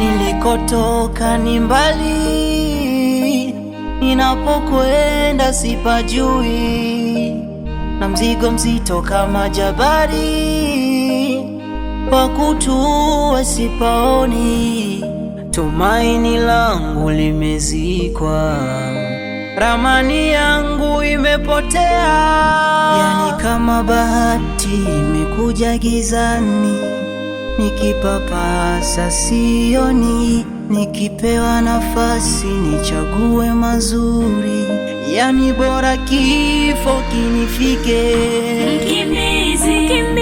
Nilikotoka ni mbali, ninapokwenda sipajui, na mzigo mzito kama jabari, pakutua sipaoni, tumaini langu limezikwa, ramani yangu imepotea, yani kama bahati imekuja gizani nikipapasa sioni, nikipewa nafasi nichague mazuri, yani bora kifo kinifike. Mkimbizi. Mkimbizi.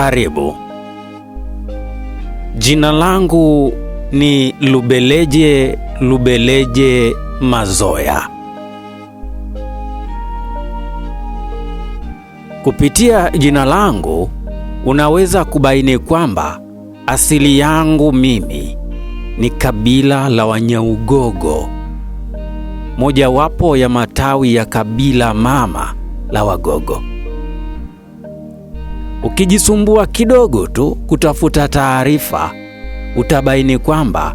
Karibu. Jina langu ni Lubeleje Lubeleje Mazoya. Kupitia jina langu unaweza kubaini kwamba asili yangu mimi ni kabila la Wanyaugogo, mojawapo ya matawi ya kabila mama la Wagogo. Ukijisumbua kidogo tu kutafuta taarifa, utabaini kwamba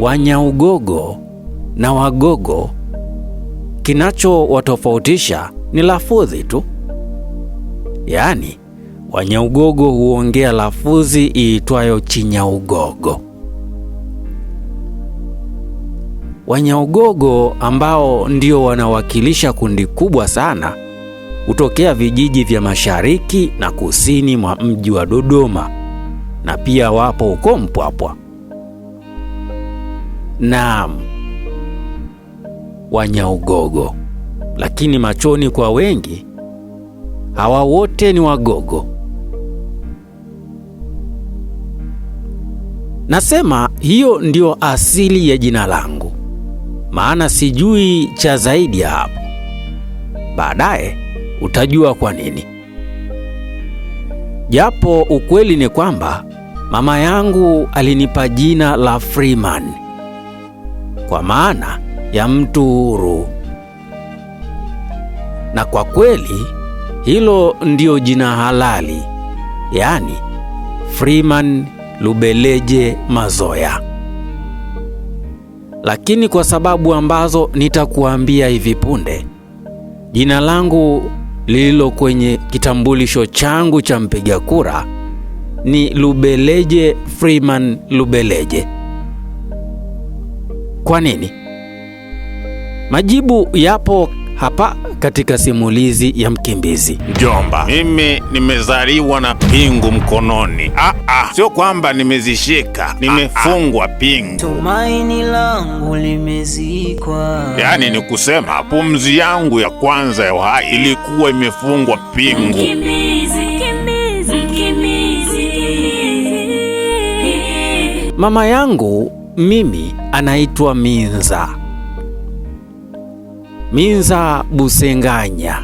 Wanyaugogo na Wagogo kinachowatofautisha ni lafudhi tu. Yaani, Wanyaugogo huongea lafudhi iitwayo Chinyaugogo. Wanyaugogo ambao ndio wanawakilisha kundi kubwa sana hutokea vijiji vya mashariki na kusini mwa mji wa Dodoma na pia wapo huko Mpwapwa. Naam, Wanyaugogo, lakini machoni kwa wengi hawa wote ni Wagogo. Nasema hiyo ndiyo asili ya jina langu, maana sijui cha zaidi ya hapo. Baadaye utajua kwa nini. Japo ukweli ni kwamba mama yangu alinipa jina la Freeman kwa maana ya mtu huru, na kwa kweli hilo ndio jina halali, yaani Freeman Lubeleje Mazoya. Lakini kwa sababu ambazo nitakuambia hivi punde, jina langu lililo kwenye kitambulisho changu cha mpiga kura ni Lubeleje Freeman Lubeleje. Kwa nini? Majibu yapo hapa katika simulizi ya Mkimbizi. Mjomba, mimi nimezaliwa na pingu mkononi. Ah, ah, sio kwamba nimezishika, ah, ah. nimefungwa pingu. Tumaini langu limezikwa, yaani ni kusema pumzi yangu ya kwanza ya uhai ilikuwa imefungwa pingu. Mkimbizi, mkimbizi, mkimbizi. Mama yangu mimi anaitwa Minza Minza Busenganya.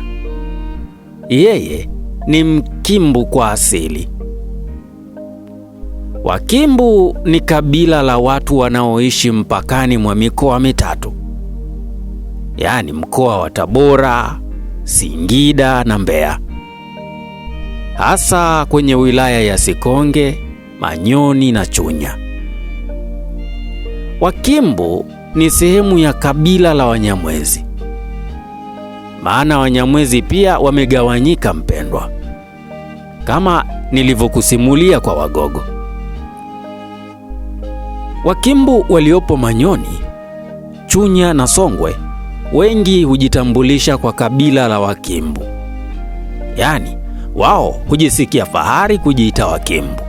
Yeye ni Mkimbu kwa asili. Wakimbu ni kabila la watu wanaoishi mpakani mwa mikoa mitatu, yaani mkoa wa Tabora, Singida na Mbeya, hasa kwenye wilaya ya Sikonge, Manyoni na Chunya. Wakimbu ni sehemu ya kabila la Wanyamwezi maana Wanyamwezi pia wamegawanyika mpendwa, kama nilivyokusimulia kwa Wagogo. Wakimbu waliopo Manyoni, Chunya na Songwe wengi hujitambulisha kwa kabila la Wakimbu, yaani wao hujisikia fahari kujiita Wakimbu,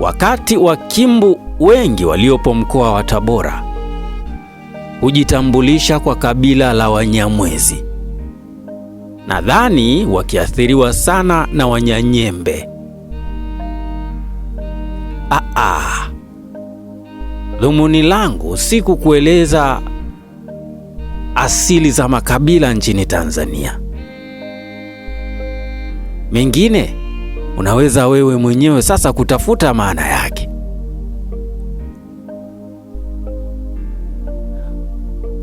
wakati Wakimbu wengi waliopo mkoa wa Tabora hujitambulisha kwa kabila la Wanyamwezi. Nadhani wakiathiriwa sana na Wanyanyembe. Aa, dhumuni langu si kukueleza asili za makabila nchini Tanzania. Mengine unaweza wewe mwenyewe sasa kutafuta maana yake.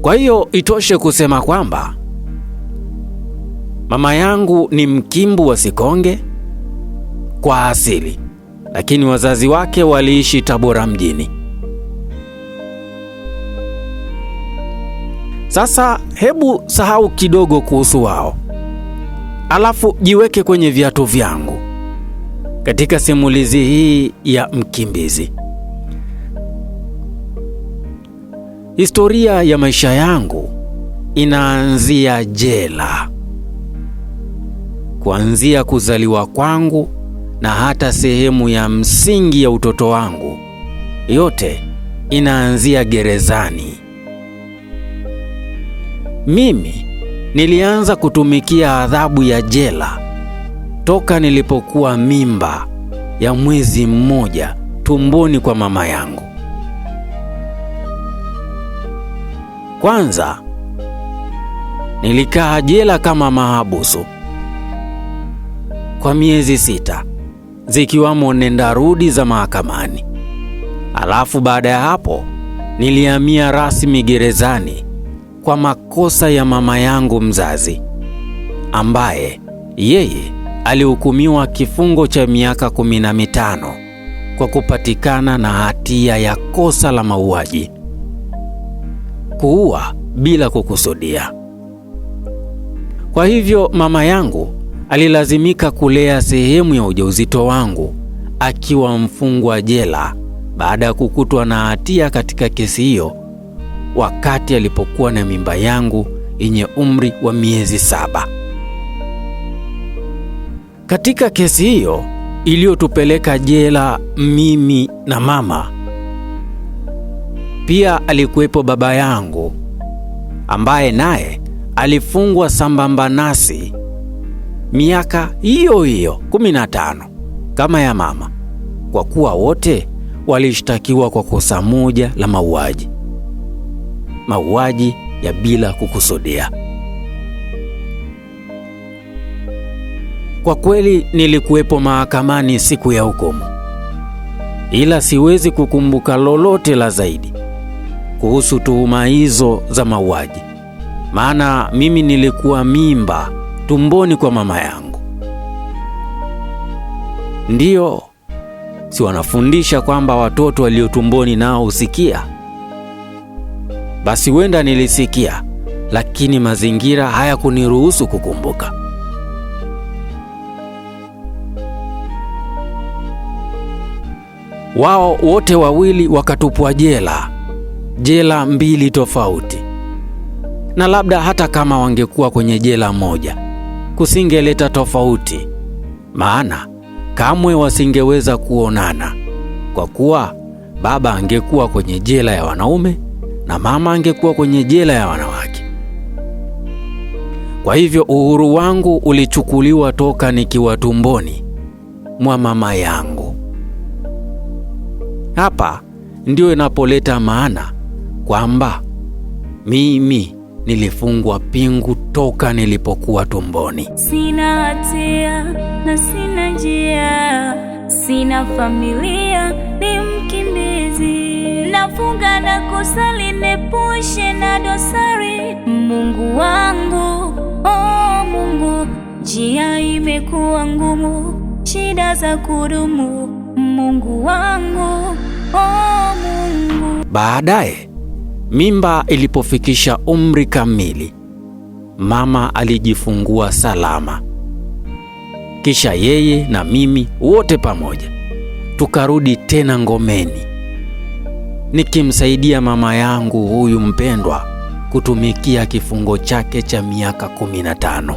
Kwa hiyo itoshe kusema kwamba mama yangu ni Mkimbu wa Sikonge kwa asili, lakini wazazi wake waliishi Tabora mjini. Sasa hebu sahau kidogo kuhusu wao, alafu jiweke kwenye viatu vyangu katika simulizi hii ya mkimbizi. Historia ya maisha yangu inaanzia jela, kuanzia kuzaliwa kwangu na hata sehemu ya msingi ya utoto wangu, yote inaanzia gerezani. Mimi nilianza kutumikia adhabu ya jela toka nilipokuwa mimba ya mwezi mmoja tumboni kwa mama yangu. kwanza nilikaa jela kama mahabusu kwa miezi sita, zikiwamo nenda rudi za mahakamani. Alafu baada ya hapo nilihamia rasmi gerezani kwa makosa ya mama yangu mzazi ambaye yeye alihukumiwa kifungo cha miaka kumi na mitano kwa kupatikana na hatia ya kosa la mauaji kukuua bila kukusudia. Kwa hivyo mama yangu alilazimika kulea sehemu ya ujauzito wangu akiwa mfungwa jela baada ya kukutwa na hatia katika kesi hiyo wakati alipokuwa na mimba yangu yenye umri wa miezi saba. Katika kesi hiyo iliyotupeleka jela mimi na mama pia alikuwepo baba yangu ambaye naye alifungwa sambamba nasi miaka hiyo hiyo 15 kama ya mama, kwa kuwa wote walishtakiwa kwa kosa moja la mauaji, mauaji ya bila kukusudia. Kwa kweli nilikuwepo mahakamani siku ya hukumu, ila siwezi kukumbuka lolote la zaidi kuhusu tuhuma hizo za mauaji, maana mimi nilikuwa mimba tumboni kwa mama yangu. Ndiyo, si wanafundisha kwamba watoto walio tumboni nao husikia? Basi huenda nilisikia, lakini mazingira hayakuniruhusu kukumbuka. Wao wote wawili wakatupwa jela jela mbili tofauti, na labda hata kama wangekuwa kwenye jela moja kusingeleta tofauti, maana kamwe wasingeweza kuonana, kwa kuwa baba angekuwa kwenye jela ya wanaume na mama angekuwa kwenye jela ya wanawake. Kwa hivyo uhuru wangu ulichukuliwa toka nikiwa tumboni mwa mama yangu. Hapa ndio inapoleta maana kwamba mimi nilifungwa pingu toka nilipokuwa tumboni. Sina hatia na sina njia, sina familia, ni mkimbizi, nafunga na kusali, niepushe na dosari. Mungu wangu, oh Mungu, njia imekuwa ngumu, shida za kudumu. Mungu wangu, oh Mungu. Baadaye Mimba ilipofikisha umri kamili, mama alijifungua salama. Kisha yeye na mimi wote pamoja tukarudi tena Ngomeni, nikimsaidia mama yangu huyu mpendwa kutumikia kifungo chake cha miaka 15.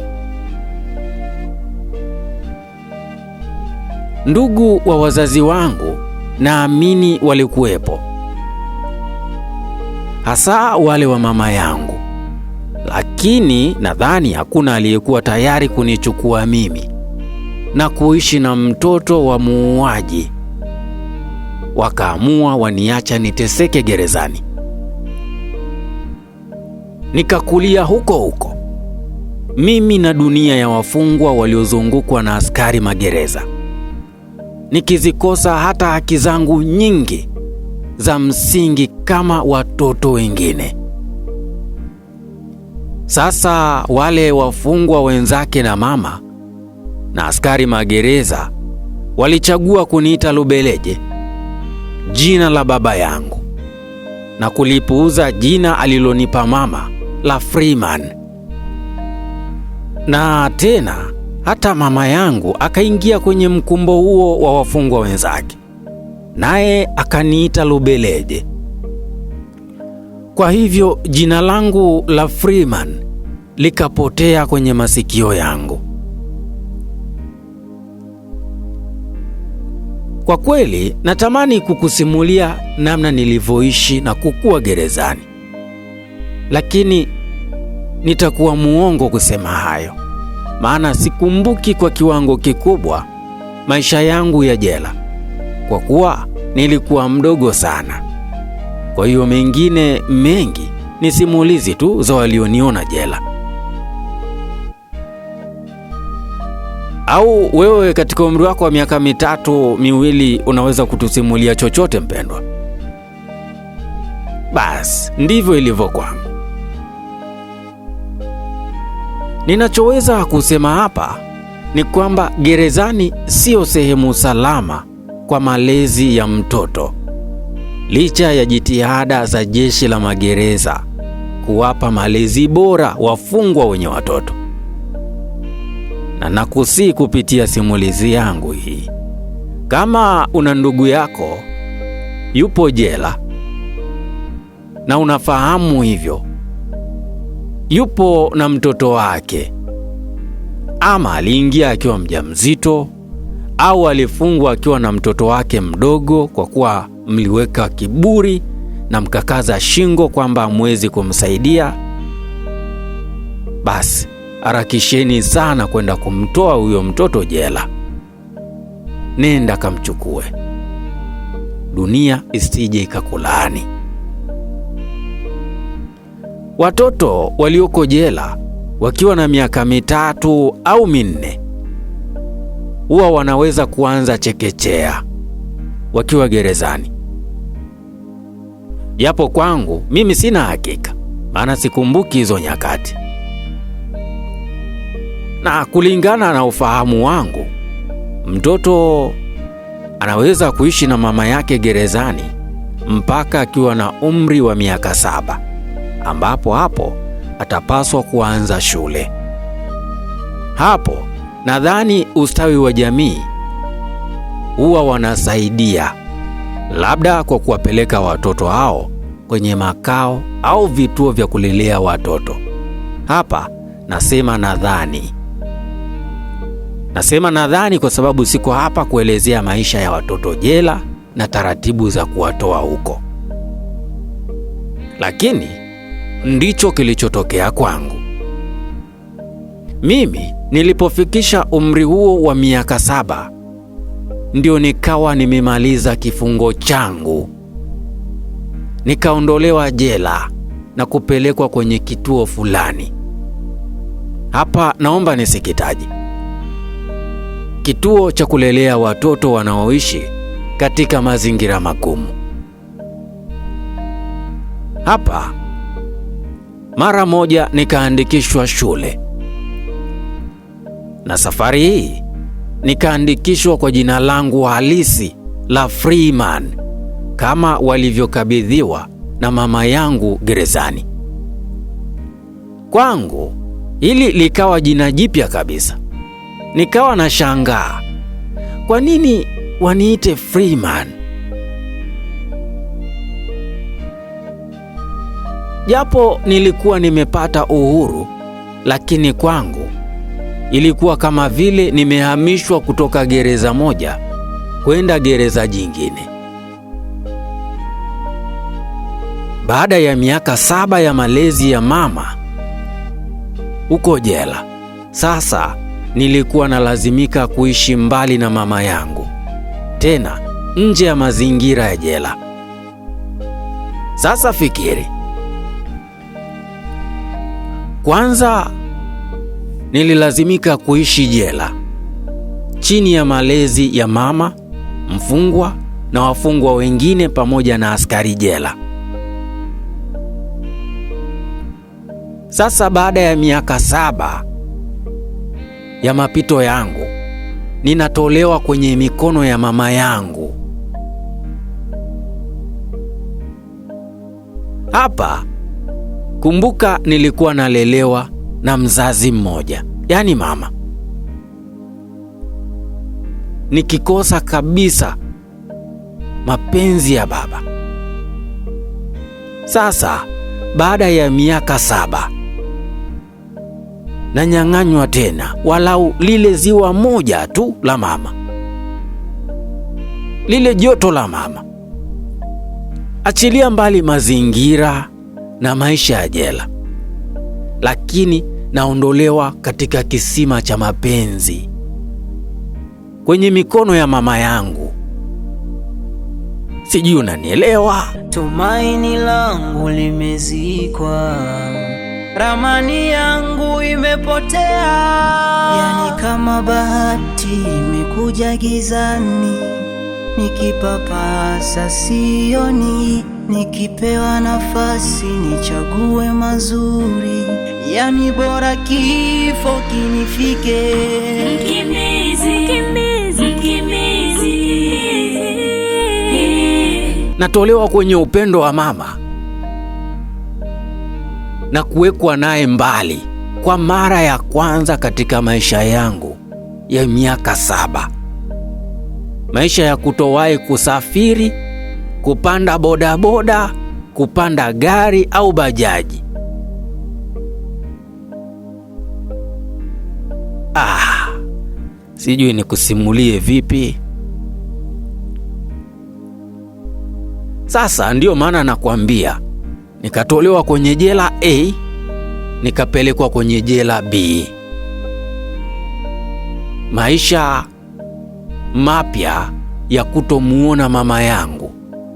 Ndugu wa wazazi wangu naamini walikuwepo hasa wale wa mama yangu, lakini nadhani hakuna aliyekuwa tayari kunichukua mimi na kuishi na mtoto wa muuaji. Wakaamua waniacha niteseke gerezani. Nikakulia huko huko, mimi na dunia ya wafungwa waliozungukwa na askari magereza, nikizikosa hata haki zangu nyingi za msingi kama watoto wengine. Sasa wale wafungwa wenzake na mama na askari magereza walichagua kuniita Lubeleje, jina la baba yangu, na kulipuuza jina alilonipa mama la Freeman. Na tena hata mama yangu akaingia kwenye mkumbo huo wa wafungwa wenzake naye akaniita Lubeleje. Kwa hivyo jina langu la Freeman likapotea kwenye masikio yangu. Kwa kweli natamani kukusimulia namna nilivyoishi na kukua gerezani, lakini nitakuwa muongo kusema hayo, maana sikumbuki kwa kiwango kikubwa maisha yangu ya jela kwa kuwa nilikuwa mdogo sana. Kwa hiyo mengine mengi ni simulizi tu za walioniona jela. Au wewe katika umri wako wa miaka mitatu miwili, unaweza kutusimulia chochote mpendwa? Basi ndivyo ilivyo kwangu. Ninachoweza kusema hapa ni kwamba gerezani sio sehemu salama kwa malezi ya mtoto. Licha ya jitihada za jeshi la magereza kuwapa malezi bora wafungwa wenye watoto, na nakusii kupitia simulizi yangu hii, kama una ndugu yako yupo jela na unafahamu hivyo, yupo na mtoto wake, ama aliingia akiwa mjamzito au alifungwa akiwa na mtoto wake mdogo, kwa kuwa mliweka kiburi na mkakaza shingo kwamba hamwezi kumsaidia, basi harakisheni sana kwenda kumtoa huyo mtoto jela. Nenda kamchukue, dunia isije ikakulaani. Watoto walioko jela wakiwa na miaka mitatu au minne huwa wanaweza kuanza chekechea wakiwa gerezani, japo kwangu mimi sina hakika, maana sikumbuki hizo nyakati, na kulingana na ufahamu wangu, mtoto anaweza kuishi na mama yake gerezani mpaka akiwa na umri wa miaka saba ambapo hapo atapaswa kuanza shule. Hapo nadhani ustawi wa jamii huwa wanasaidia labda kwa kuwapeleka watoto hao kwenye makao au vituo vya kulelea watoto. Hapa nasema nadhani, nasema nadhani kwa sababu siko hapa kuelezea maisha ya watoto jela na taratibu za kuwatoa huko, lakini ndicho kilichotokea kwangu mimi. Nilipofikisha umri huo wa miaka saba ndio nikawa nimemaliza kifungo changu. Nikaondolewa jela na kupelekwa kwenye kituo fulani. Hapa naomba nisikitaje. Kituo cha kulelea watoto wanaoishi katika mazingira magumu. Hapa mara moja nikaandikishwa shule na safari hii nikaandikishwa kwa jina langu halisi la Freeman kama walivyokabidhiwa na mama yangu gerezani. Kwangu hili likawa jina jipya kabisa. Nikawa na shangaa, kwa nini waniite Freeman? Japo nilikuwa nimepata uhuru, lakini kwangu Ilikuwa kama vile nimehamishwa kutoka gereza moja kwenda gereza jingine. Baada ya miaka saba ya malezi ya mama huko jela, sasa nilikuwa nalazimika kuishi mbali na mama yangu, tena nje ya mazingira ya jela. Sasa fikiri kwanza nililazimika kuishi jela chini ya malezi ya mama mfungwa na wafungwa wengine pamoja na askari jela. Sasa baada ya miaka saba ya mapito yangu, ninatolewa kwenye mikono ya mama yangu. Hapa kumbuka, nilikuwa nalelewa na mzazi mmoja, yaani mama. Nikikosa kabisa mapenzi ya baba. Sasa baada ya miaka saba nanyang'anywa tena walau lile ziwa moja tu la mama, lile joto la mama. Achilia mbali mazingira na maisha ya jela, lakini naondolewa katika kisima cha mapenzi kwenye mikono ya mama yangu. Sijui unanielewa. Tumaini langu limezikwa, ramani yangu imepotea, yani kama bahati imekuja gizani, nikipapasa sioni, nikipewa nafasi nichague mazuri yani bora kifo kinifike. Mkimbizi, mkimbizi, mkimbizi. Natolewa kwenye upendo wa mama na kuwekwa naye mbali kwa mara ya kwanza katika maisha yangu ya miaka saba, maisha ya kutowahi kusafiri, kupanda bodaboda, kupanda gari au bajaji sijui nikusimulie vipi. Sasa ndiyo maana nakwambia, nikatolewa kwenye jela A nikapelekwa kwenye jela B. Maisha mapya ya kutomuona mama yangu,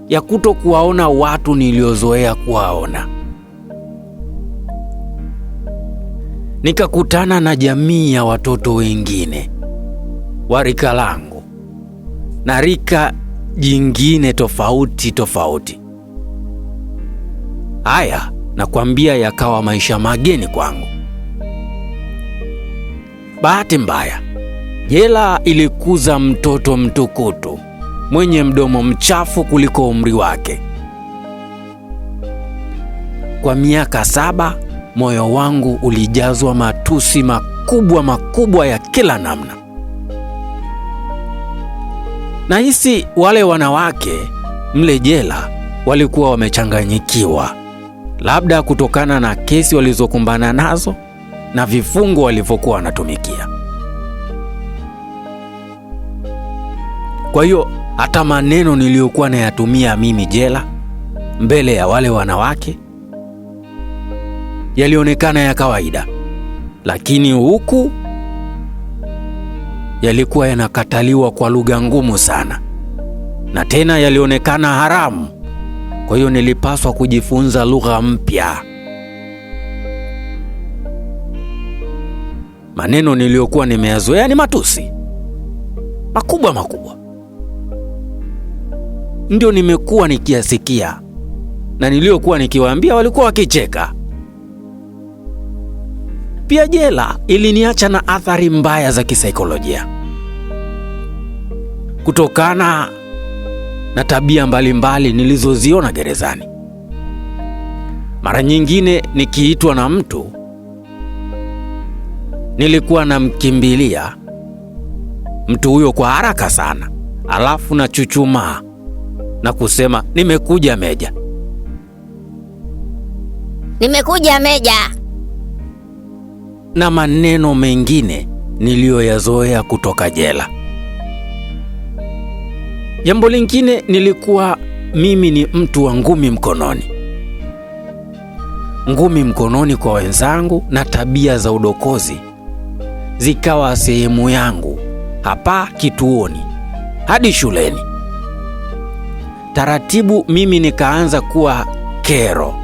ya kuto kuwaona watu niliozoea kuwaona. Nikakutana na jamii ya watoto wengine wa rika langu na rika jingine tofauti tofauti. Haya nakwambia, yakawa maisha mageni kwangu. Bahati mbaya, jela ilikuza mtoto mtukutu mwenye mdomo mchafu kuliko umri wake. Kwa miaka saba moyo wangu ulijazwa matusi makubwa makubwa ya kila namna. Nahisi wale wanawake mle jela walikuwa wamechanganyikiwa, labda kutokana na kesi walizokumbana nazo na vifungo walivyokuwa wanatumikia. Kwa hiyo hata maneno niliyokuwa nayatumia mimi jela mbele ya wale wanawake yalionekana ya kawaida, lakini huku yalikuwa yanakataliwa kwa lugha ngumu sana, na tena yalionekana haramu. Kwa hiyo nilipaswa kujifunza lugha mpya. Maneno niliyokuwa nimeyazoea ni matusi makubwa makubwa, ndio nimekuwa nikiyasikia, na niliyokuwa nikiwaambia walikuwa wakicheka. Pia jela iliniacha na athari mbaya za kisaikolojia kutokana na tabia mbalimbali nilizoziona gerezani. Mara nyingine nikiitwa na mtu nilikuwa namkimbilia mtu huyo kwa haraka sana, alafu nachuchumaa na kusema nimekuja Meja, nimekuja Meja na maneno mengine niliyoyazoea kutoka jela. Jambo lingine nilikuwa mimi ni mtu wa ngumi mkononi, ngumi mkononi kwa wenzangu, na tabia za udokozi zikawa sehemu yangu hapa kituoni hadi shuleni. Taratibu mimi nikaanza kuwa kero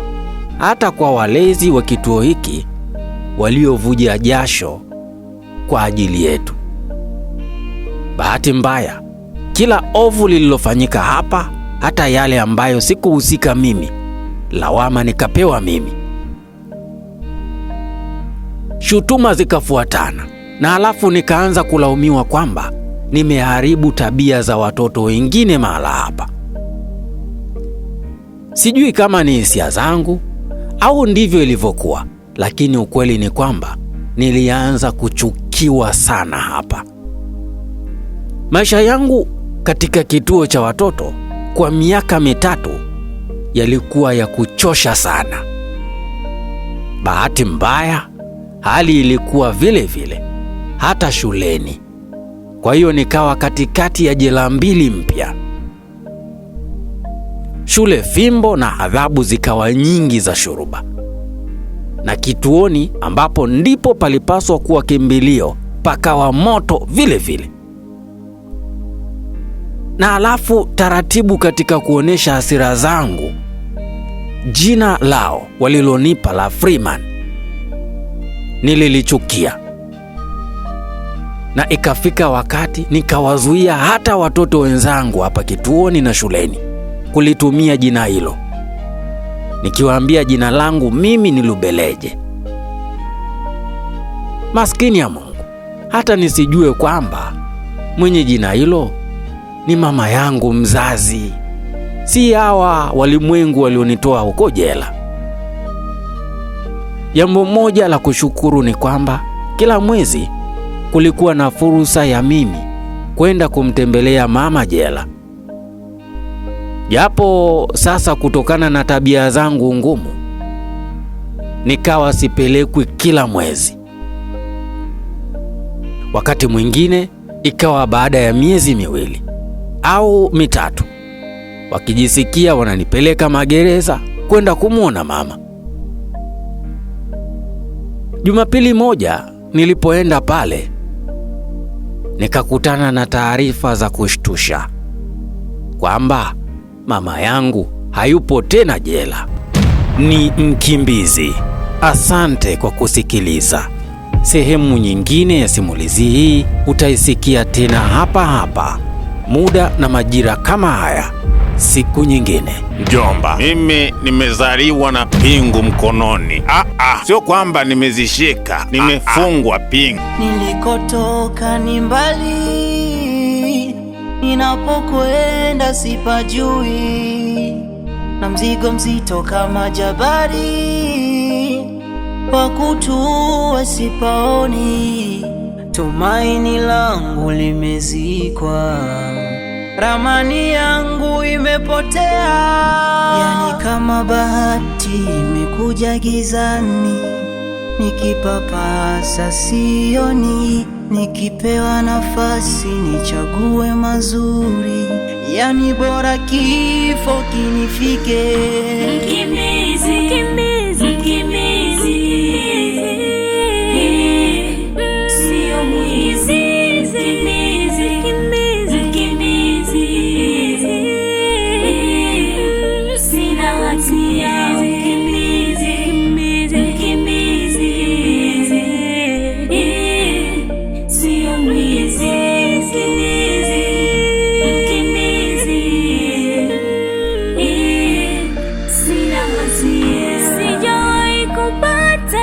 hata kwa walezi wa kituo hiki waliovuja jasho kwa ajili yetu. Bahati mbaya, kila ovu lililofanyika hapa, hata yale ambayo sikuhusika mimi, lawama nikapewa mimi, shutuma zikafuatana, na halafu nikaanza kulaumiwa kwamba nimeharibu tabia za watoto wengine mahala hapa. Sijui kama ni hisia zangu au ndivyo ilivyokuwa, lakini ukweli ni kwamba nilianza kuchukiwa sana hapa. Maisha yangu katika kituo cha watoto kwa miaka mitatu yalikuwa ya kuchosha sana. Bahati mbaya, hali ilikuwa vile vile hata shuleni. Kwa hiyo nikawa katikati ya jela mbili mpya. Shule fimbo na adhabu zikawa nyingi za shuruba na kituoni ambapo ndipo palipaswa kuwa kimbilio pakawa moto vile vile. Na alafu taratibu, katika kuonyesha hasira zangu, jina lao walilonipa la Freeman nililichukia, na ikafika wakati nikawazuia hata watoto wenzangu hapa kituoni na shuleni kulitumia jina hilo nikiwaambia jina langu mimi ni Lubeleje. Maskini ya Mungu, hata nisijue kwamba mwenye jina hilo ni mama yangu mzazi, si hawa walimwengu walionitoa huko jela. Jambo moja la kushukuru ni kwamba kila mwezi kulikuwa na fursa ya mimi kwenda kumtembelea mama jela japo sasa kutokana na tabia zangu ngumu nikawa sipelekwi kila mwezi. Wakati mwingine ikawa baada ya miezi miwili au mitatu, wakijisikia wananipeleka magereza kwenda kumwona mama. Jumapili moja nilipoenda pale nikakutana na taarifa za kushtusha kwamba mama yangu hayupo tena jela, ni mkimbizi. Asante kwa kusikiliza. Sehemu nyingine ya simulizi hii utaisikia tena hapa hapa, muda na majira kama haya, siku nyingine. Mjomba, mimi nimezaliwa na pingu mkononi. Ah, ah, sio kwamba nimezishika, ah, ah. nimefungwa pingu. Nilikotoka ni mbali ninapokwenda sipajui, na mzigo mzito kama jabari, pa kutua sipaoni, tumaini langu limezikwa, ramani yangu imepotea, yani kama bahati imekuja gizani, nikipapasa sioni Nikipewa nafasi nichague mazuri, yani bora kifo kinifike.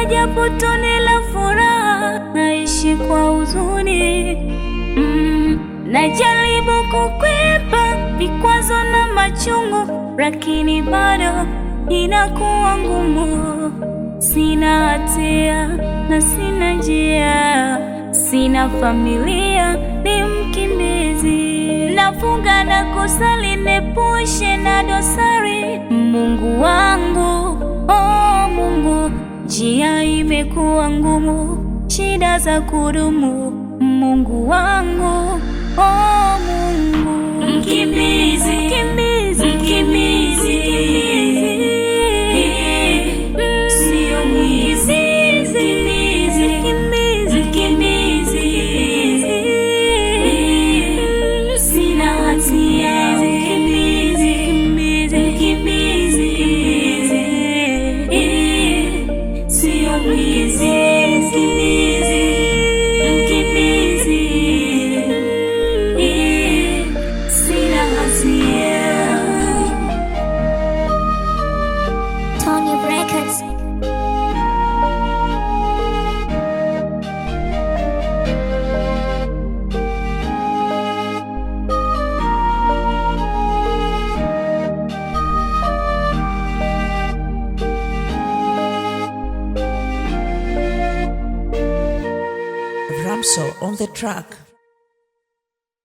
japo tone la furaha, naishi kwa huzuni mm. Najaribu kukwepa vikwazo na machungu, lakini bado inakuwa ngumu. Sina hatia na sina njia, sina familia, ni mkimbizi. Nafunga na kusali, nepushe na dosari, Mungu wangu, oh Mungu njia imekuwa ngumu, shida za kudumu. Mungu wangu, oh Mungu, mkimbizi, mkimbizi, mkimbizi